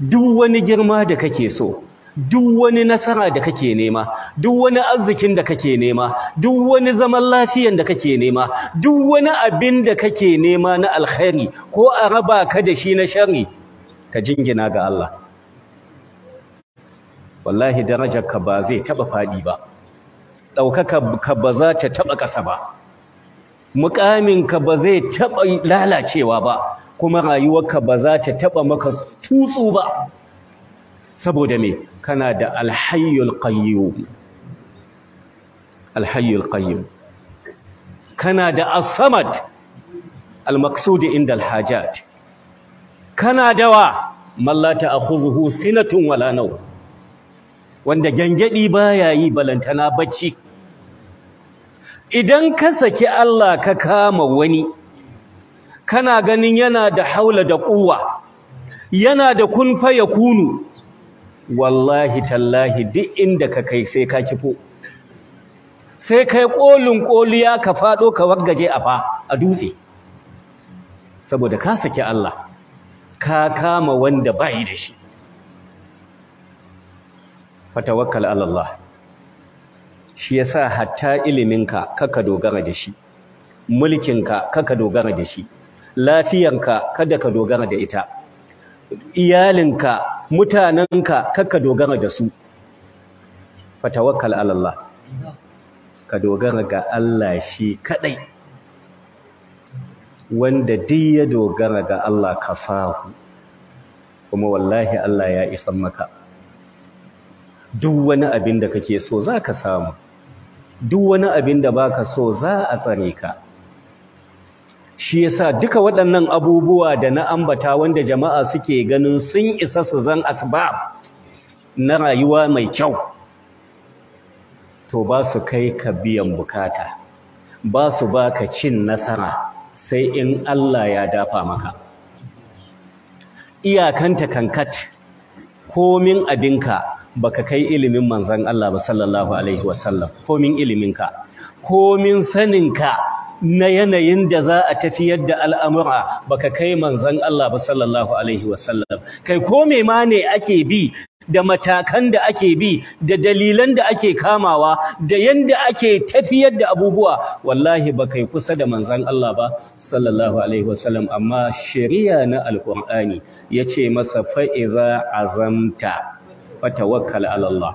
duk wani girma da kake so duk wani nasara da kake nema duk wani arzikin da kake nema duk wani zaman lafiyan da kake nema duk wani abin da kake nema na alkhairi ko a raba ka da shi na shari ka jingina ga Allah wallahi darajar ka ba zai taba fadi ba Ɗaukaka ka ba za ta taba ƙasa ba mukamin ka ba zai taba lalacewa ba kuma rayuwarka ba za ta taɓa maka tutsu ba saboda me kana da alhayyul qayyum alhayyul qayyum kana da as-samad al-maqsud inda al-hajat kana da wa man la ta'khuzuhu sinatun wala naw wanda gangadi baya yi balantana bacci idan ka saki Allah ka kama wani kana ganin yana da haula da kuwa yana da kun fa kunu wallahi tallahi duk inda ka kai sai ka kifo sai kai kolin koliya ka fado ka waggaje a fa a dutse saboda ka saki Allah ka kama wanda bai da shi fatawakkal ala Allah shi yasa hatta iliminka kaka dogara da shi ka kaka dogara da shi lafiyanka kada ka dogara da ita iyalinka kada kaka dogara da su fatawakkal ala Allah ka dogara ga Allah shi kadai wanda duk ya dogara ga Allah kafahu kuma wallahi Allah ya isa maka duk wani abin da kake so zaka samu duk wani abin da baka so za a tsare ka shi yasa duka waɗannan abubuwa da na ambata wanda jama'a suke ganin sun isa su zan asbab na rayuwa mai kyau to ba su kai ka biyan bukata ba su baka cin nasara sai in Allah ya dafa maka iyakanta kankat komin abinka baka kai ilimin manzon Allah ba sallallahu alaihi wasallam komin iliminka komin saninka na yanayin da za a tafiyar da al'amura baka kai manzon Allah ba sallallahu alaihi wasallam kai ko ma ne ake bi da matakan da ake bi da dalilan da ake kamawa da yanda ake tafiyar da abubuwa wallahi ba kai kusa da manzan Allah ba sallallahu alaihi wasallam amma shari'a na ya ce masa fa'iza idza azamta fatawakkal ala Allah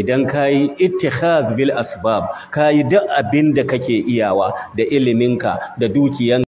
idan ka yi ittihaz bil asbab ka yi duk abin da kake iyawa da iliminka da dukiyanka